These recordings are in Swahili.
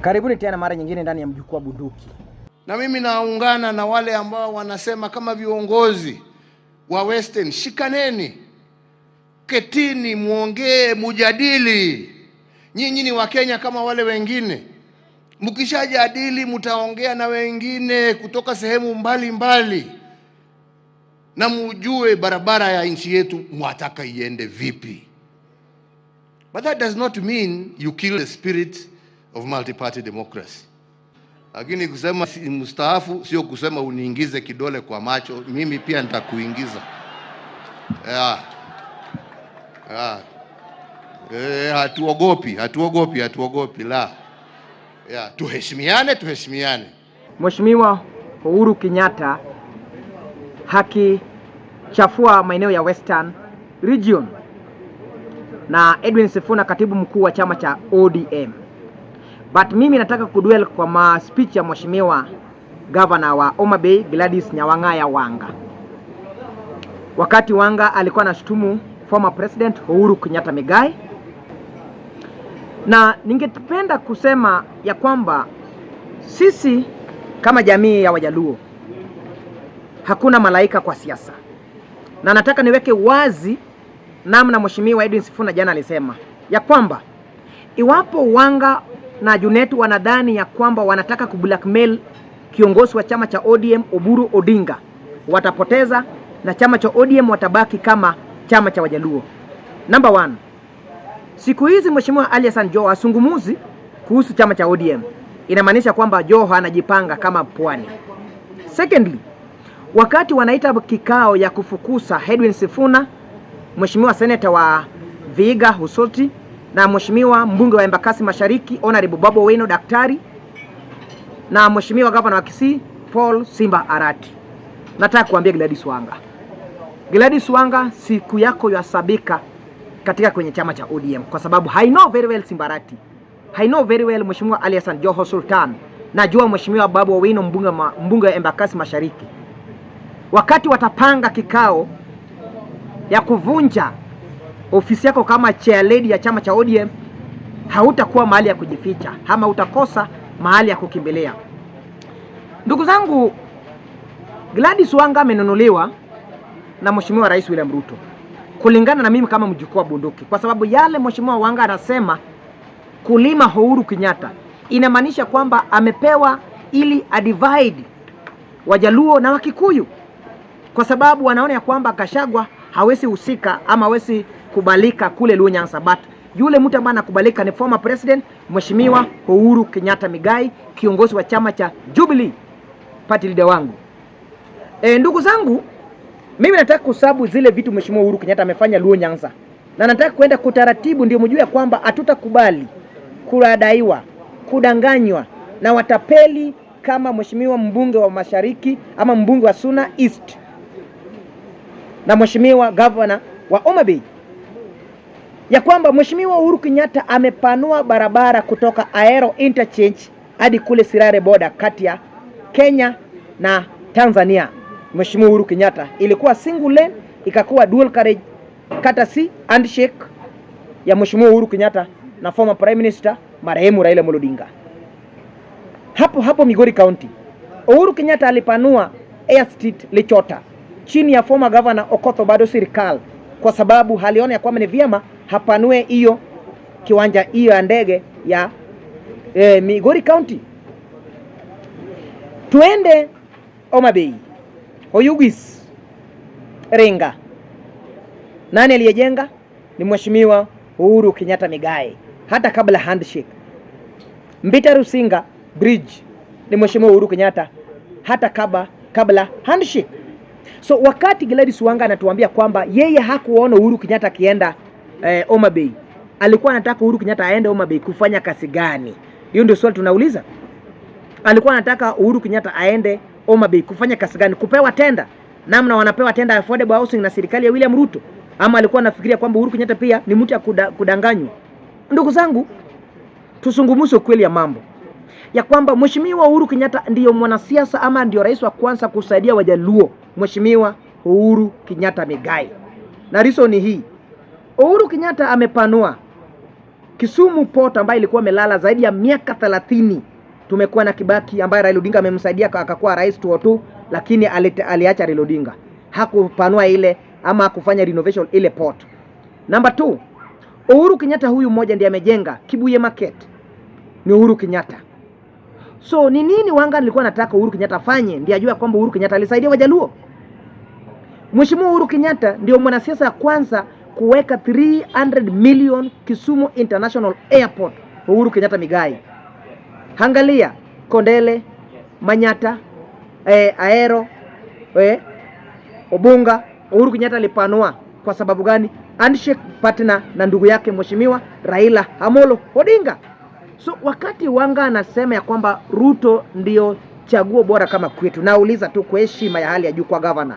Karibuni tena mara nyingine ndani ya Mjukuu Bunduki, na mimi naungana na wale ambao wanasema kama viongozi wa Western, shikaneni, ketini, muongee, mujadili. Nyinyi ni Wakenya kama wale wengine, mkishajadili mtaongea na wengine kutoka sehemu mbalimbali mbali, na mujue barabara ya nchi yetu mwataka iende vipi. But that does not mean you kill the spirit of multi-party democracy. Lakini kusema si mstaafu sio kusema uniingize kidole kwa macho, mimi pia nitakuingiza. Yeah. Yeah. Eh, hatuogopi, hatuogopi, hatuogopi la. Yeah, tuheshimiane, tuheshimiane. Mheshimiwa Uhuru Kenyatta hakichafua maeneo ya Western Region na Edwin Sifuna, katibu mkuu wa chama cha ODM But mimi nataka kudwell kwa ma speech ya mheshimiwa governor wa Homa Bay Gladys Nyawang'aya Wanga, wakati Wanga alikuwa anashutumu former president Uhuru Kenyatta Migai, na ningependa kusema ya kwamba sisi kama jamii ya Wajaluo hakuna malaika kwa siasa, na nataka niweke wazi namna mheshimiwa Edwin Sifuna jana alisema ya kwamba iwapo Wanga na Junet wanadhani ya kwamba wanataka kublackmail kiongozi wa chama cha ODM Oburu Odinga, watapoteza na chama cha ODM watabaki kama chama cha Wajaluo. Number one, siku hizi Mheshimiwa Ali Hassan Joho asungumuzi kuhusu chama cha ODM, inamaanisha kwamba Joho anajipanga kama pwani. Secondly, wakati wanaita kikao ya kufukusa Edwin Sifuna, mheshimiwa seneta wa Viga Husoti na Mheshimiwa mbunge wa Embakasi Mashariki Honorable Babu Owino Daktari na Mheshimiwa gavana wa Kisii Paul Simba Arati. Nataka kuambia Gladys Wanga, Gladys Wanga, siku yako yasabika katika kwenye chama cha ODM kwa sababu I know very well Simba Arati. I know very well Mheshimiwa Ali Hassan Joho Sultan. Najua Mheshimiwa Babu Owino mbunge mbunge wa Embakasi Mashariki wakati watapanga kikao ya kuvunja ofisi yako kama chair lady ya chama cha ODM, hautakuwa mahali ya kujificha ama utakosa mahali ya kukimbilia. Ndugu zangu, Gladys Wanga amenunuliwa na Mheshimiwa Rais William Ruto, kulingana na mimi kama mjukuu wa bunduki, kwa sababu yale Mheshimiwa Wanga anasema kulima Uhuru Kenyatta inamaanisha kwamba amepewa ili adivide Wajaluo na Wakikuyu, kwa sababu wanaona ya kwamba Gachagua hawezi husika ama hawezi kubalika kule Luo Nyanza, but yule mtu ambaye anakubalika ni former president Mheshimiwa Uhuru Kenyatta Migai, kiongozi wa chama cha Jubilee party leader wangu. E, ndugu zangu, mimi nataka kusabu zile vitu Mheshimiwa Uhuru Kenyatta amefanya Luo Nyanza, na nataka kuenda kutaratibu, ndio mjue kwamba hatutakubali kuradaiwa, kudanganywa na watapeli kama Mheshimiwa mbunge wa Mashariki ama mbunge wa Suna East na Mheshimiwa governor wa Homa Bay ya kwamba Mheshimiwa Uhuru Kenyatta amepanua barabara kutoka Aero Interchange hadi kule Sirare boda kati ya Kenya na Tanzania. Mheshimiwa Uhuru Kenyatta ilikuwa single lane ikakuwa dual carriage, kata si handshake ya Mheshimiwa Uhuru Kenyatta na former prime minister marehemu Raila Odinga. Hapo hapo Migori County, Uhuru Kenyatta alipanua Air Street Lichota chini ya former governor Okotho bado Sirikal kwa sababu haliona ya kwamba ni vyema hapanue hiyo kiwanja hiyo ya ndege ya eh, Migori County. Tuende Homa Bay, Oyugis, Iringa. Nani aliyejenga? Ni Mheshimiwa Uhuru Kenyatta Migai, hata kabla handshake. Mbita Rusinga Bridge ni Mheshimiwa Uhuru Kenyatta hata kabla, kabla handshake. So wakati Gladys Wanga anatuambia kwamba yeye hakuona Uhuru Kenyatta akienda eh, Homa Bay alikuwa anataka Uhuru Kenyatta aende Homa Bay kufanya kazi gani? Hiyo ndio swali tunauliza. Alikuwa anataka Uhuru Kenyatta aende Homa Bay kufanya kazi gani? Kupewa tenda namna wanapewa tenda ya affordable housing na serikali ya William Ruto, ama alikuwa anafikiria kwamba Uhuru Kenyatta pia ni mtu ya kudanganywa? Ndugu zangu, tuzungumze ukweli ya mambo ya kwamba Mheshimiwa Uhuru Kenyatta ndiyo mwanasiasa ama ndiyo rais wa kwanza kusaidia Wajaluo, Mheshimiwa Uhuru Kenyatta Migai, na reason ni hii Uhuru Kenyatta amepanua Kisumu Port ambayo ilikuwa imelala zaidi ya miaka 30. Tumekuwa na Kibaki ambaye Raila Odinga amemsaidia akakuwa rais tu tu, lakini aliacha Raila Odinga hakupanua ile ama hakufanya renovation ile port. Number two, Uhuru Kenyatta huyu mmoja ndiye amejenga Kibuye Market, ni Uhuru Kenyatta. So ni nini wanga nilikuwa nataka Uhuru Kenyatta afanye? Ndiye ajue kwamba Uhuru Kenyatta alisaidia Wajaluo. Mheshimiwa Uhuru Kenyatta ndio mwanasiasa kwanza kuweka 300 million Kisumu International Airport Uhuru Kenyatta Migai. angalia Kondele, Manyata, eh, Aero, eh, Obunga. Uhuru Kenyatta alipanua kwa sababu gani? Handshake partner na ndugu yake Mheshimiwa Raila Amolo Odinga. So wakati Wanga anasema ya kwamba Ruto ndio chaguo bora kama kwetu, nauliza tu kwa heshima ya hali ya juu kwa governor.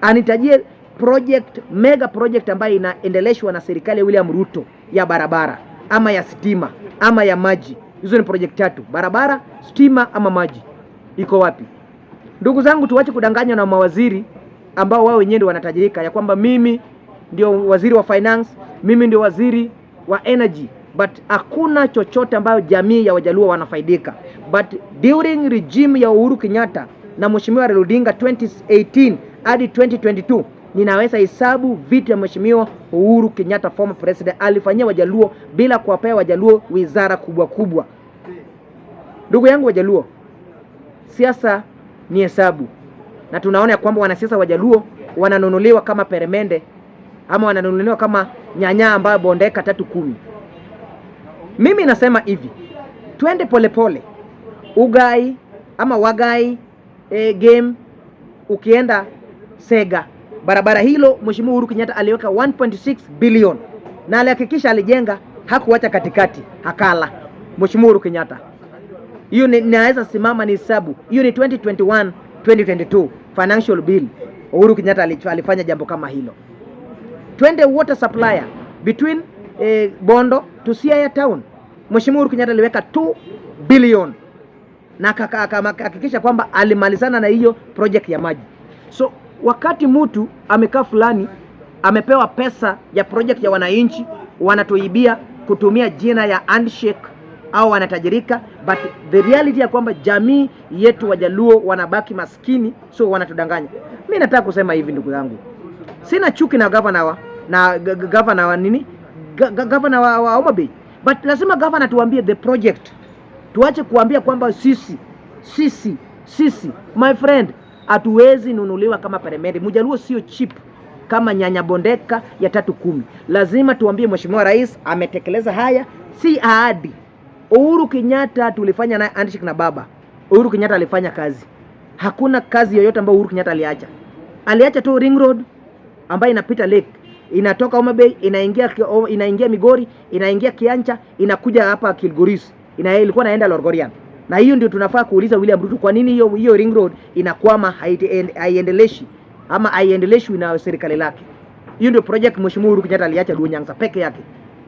anitajie project mega project ambayo inaendeleshwa na serikali ya William Ruto ya barabara ama ya stima ama ya maji. Hizo ni project tatu: barabara, stima ama maji. Iko wapi? Ndugu zangu, tuwache kudanganywa na mawaziri ambao wao wenyewe ndio wanatajirika ya kwamba mimi ndio waziri wa finance, mimi ndio waziri wa energy, but hakuna chochote ambayo jamii ya Wajaluo wanafaidika. But during regime ya Uhuru Kenyatta na Mheshimiwa Raila Odinga 2018 hadi 2022 ninaweza hesabu vitu ya Mheshimiwa Uhuru Kenyatta former president alifanyia Wajaluo bila kuwapea Wajaluo wizara kubwa kubwa. Ndugu yangu Wajaluo, siasa ni hesabu, na tunaona ya kwamba wanasiasa Wajaluo wananunuliwa kama peremende ama wananunuliwa kama nyanya ambayo bondeka tatu kumi. Mimi nasema hivi, twende polepole ugai ama wagai e, game ukienda sega barabara hilo Mheshimiwa Uhuru Kenyatta aliweka 1.6 billion na alihakikisha alijenga, hakuacha katikati, hakala Mheshimiwa Uhuru Kenyatta. Hiyo naweza simama ni hesabu hiyo, ni 2021 2022 financial bill. Uhuru Kenyatta alifanya jambo kama hilo. Twende water supplier between eh, Bondo to Siaya town, Mheshimiwa Uhuru Kenyatta aliweka 2 billion na akahakikisha kwamba alimalizana na hiyo project ya maji so wakati mtu amekaa fulani amepewa pesa ya project ya wananchi, wanatuibia kutumia jina ya handshake au wanatajirika, but the reality ya kwamba jamii yetu Wajaluo wanabaki maskini, so wanatudanganya. Mi nataka kusema hivi, ndugu yangu sina chuki na gavana wa na gavana wa nini, gavana wa, wa Homa Bay, but lazima gavana tuambie the project, tuache kuambia kwamba sisi sisi sisi. My friend, hatuwezi nunuliwa kama peremende. Mjaluo sio chip kama nyanya bondeka ya tatu kumi. Lazima tuambie mheshimiwa rais ametekeleza haya, si ahadi. Uhuru Kenyatta tulifanya naye handshake na baba Uhuru Kenyatta alifanya kazi. Hakuna kazi yoyote ambayo Uhuru Kenyatta aliacha. Aliacha tu ring road ambayo inapita lake, inatoka Homa Bay, inaingia inaingia Migori, inaingia Kiancha, inakuja hapa Kilgoris, ina ilikuwa naenda Lorgorian na hiyo ndio tunafaa kuuliza William Ruto, kwa nini hiyo hiyo ring road inakwama, haiendeleshi ama haiendeleshwi na serikali lake. Hiyo ndio project Mheshimiwa Uhuru Kenyatta aliacha Lunyang'sa peke yake.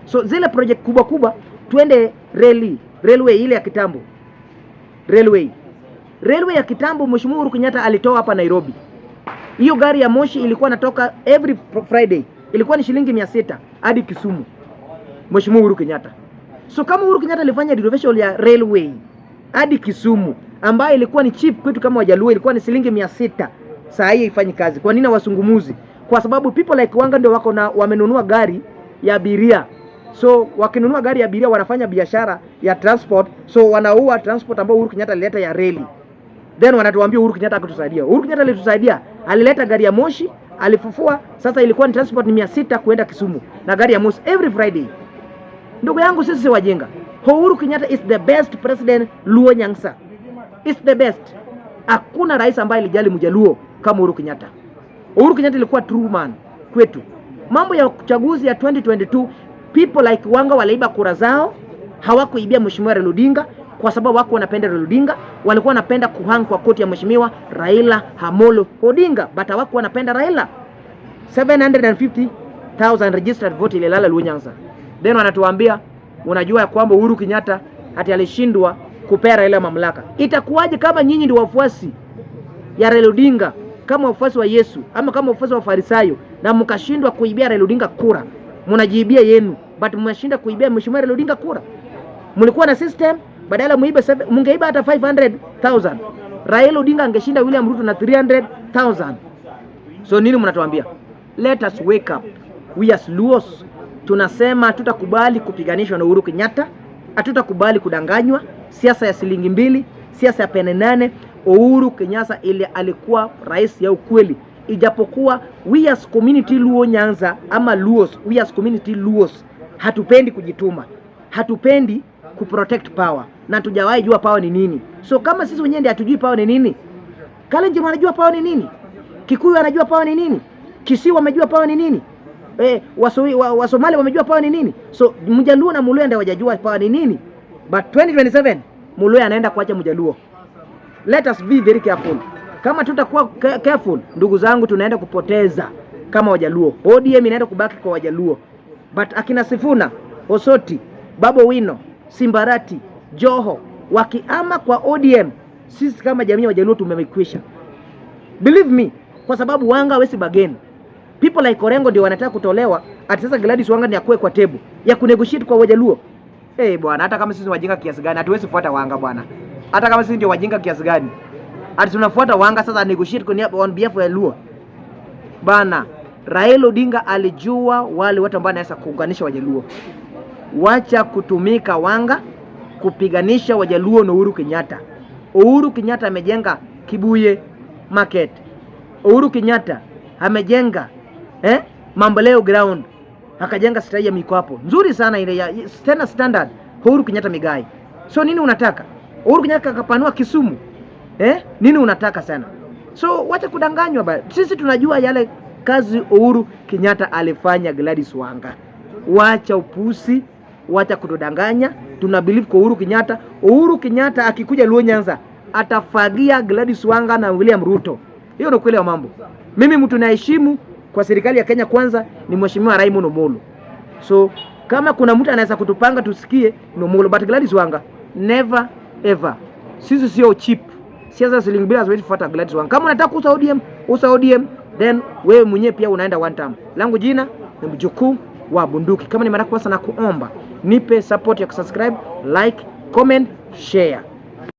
So zile project kubwa kubwa, twende reli, railway ile ya kitambo, railway railway ya kitambo Mheshimiwa Uhuru Kenyatta alitoa hapa Nairobi. Hiyo gari ya moshi ilikuwa natoka every Friday, ilikuwa ni shilingi 600 hadi Kisumu, Mheshimiwa Uhuru Kenyatta. So kama Uhuru Kenyatta alifanya renovation ya railway hadi Kisumu ambayo ilikuwa ni cheap kwetu kama Wajaluo, ilikuwa ni shilingi mia sita. Saa hii haifanyi kazi. Kwa nini? Wasungumuzi, kwa sababu people like wanga ndio wako na wamenunua gari ya abiria, so wakinunua gari ya abiria wanafanya biashara ya transport, so wanaua transport ambayo Uhuru Kenyatta alileta ya reli, then wanatuambia Uhuru Kenyatta akutusaidia. Uhuru Kenyatta alitusaidia, alileta gari ya moshi, alifufua. Sasa ilikuwa ni transport ni mia sita kuenda Kisumu na gari ya moshi every Friday. Ndugu yangu, sisi si wajenga Uhuru Kenyatta is the best president Luo Nyangsa is the best. Hakuna rais ambaye alijali mjaluo kama Uhuru Kenyatta. Uhuru Kenyatta ilikuwa true man kwetu. Mambo ya uchaguzi ya 2022 people like wanga waliiba kura zao, hawakuibia mheshimiwa Raila Odinga kwa sababu wako wanapenda Raila Odinga, walikuwa wanapenda kuhang kwa koti ya mheshimiwa Raila Hamolo Odinga, but hawako wanapenda Raila. 750,000 registered vote ililala Luo Nyangsa. then wanatuambia unajua ya kwamba Uhuru Kenyatta hati alishindwa kupera ile mamlaka. Itakuwaje kama nyinyi ndio wafuasi ya Raila Odinga, kama wafuasi wa Yesu ama kama wafuasi wa Farisayo, na mkashindwa kuibia Raila Odinga kura? Mnajiibia yenu, but mmeshinda kuibia mheshimiwa Raila Odinga kura. Mlikuwa na system, badala muibe, mngeiba hata 500,000 Raila Odinga angeshinda William Ruto na 300,000. So nini mnatuambia? Let us wake up. We are Luos tunasema hatutakubali kupiganishwa na Uhuru Kenyatta, hatutakubali kudanganywa. Siasa ya shilingi mbili, siasa ya pene nane. Uhuru Kenyatta ile alikuwa rais ya ukweli, ijapokuwa we as community Luo Nyanza ama Luos, we as community Luos hatupendi kujituma, hatupendi kuprotect power na tujawahi jua power ni nini. So kama sisi wenyewe ndio hatujui power ni nini, Kalenjin anajua power ni nini? Kikuyu anajua power ni nini? Kisiwa amejua power ni nini? eh, Wasomali wa, wamejua pawa ni nini. So Mjaluo na Muluya ndio wajajua pawa ni nini, but 2027 Muluya anaenda kuacha Mjaluo. Let us be very careful. Kama tutakuwa careful, ndugu zangu, tunaenda kupoteza kama Wajaluo. ODM inaenda kubaki kwa Wajaluo, but akina Sifuna, Osoti, Babo Wino, Simbarati, Joho wakiama kwa ODM, sisi kama jamii ya Wajaluo tumemekwisha. Believe me, kwa sababu wanga wesi bageni people like Orengo ndio wanataka kutolewa, ati sasa Gladys Wanga ni akue kwa tebu ya kunegotiate kwa Wajaluo. Eh, hey, bwana hata kama sisi wajinga kiasi gani hatuwezi kufuata Wanga bwana. Hata kama sisi ndio wajinga kiasi gani. Ati tunafuata Wanga sasa negotiate kwa niaba on behalf ya Luo. Bana, Raila Odinga alijua wale watu ambao anaweza kuunganisha Wajaluo. Wacha kutumika Wanga kupiganisha Wajaluo na Uhuru Kenyatta. Uhuru Kenyatta amejenga Kibuye Market. Uhuru Kenyatta amejenga eh? Mamboleo ground akajenga stahi ya miko hapo nzuri sana ile ya tena standard Uhuru Kenyatta Migai. So nini unataka? Uhuru Kenyatta akapanua Kisumu eh? Nini unataka sana? So wacha kudanganywa bana, sisi tunajua yale kazi Uhuru Kenyatta alifanya Gladys Wanga. Wacha upusi, wacha kutudanganya. Tuna believe kwa Uhuru Kenyatta. Uhuru Kenyatta akikuja Luo Nyanza atafagia Gladys Wanga na William Ruto. Hiyo ndio kweli ya mambo. Mimi mtu naheshimu kwa serikali ya Kenya kwanza ni mheshimiwa Raymond Omolo. So kama kuna mtu anaweza kutupanga tusikie ni Omolo, but Gladys Wanga never ever. Sisi sio cheap. Siasa za shilingi bila haziwezi kufuata Gladys Wanga. Kama unataka kuuza ODM, uuza ODM then wewe mwenyewe pia unaenda one term. Langu jina ni mjukuu wa bunduki. Kama ni mara kwa sana kuomba, nipe support ya kusubscribe, like, comment, share.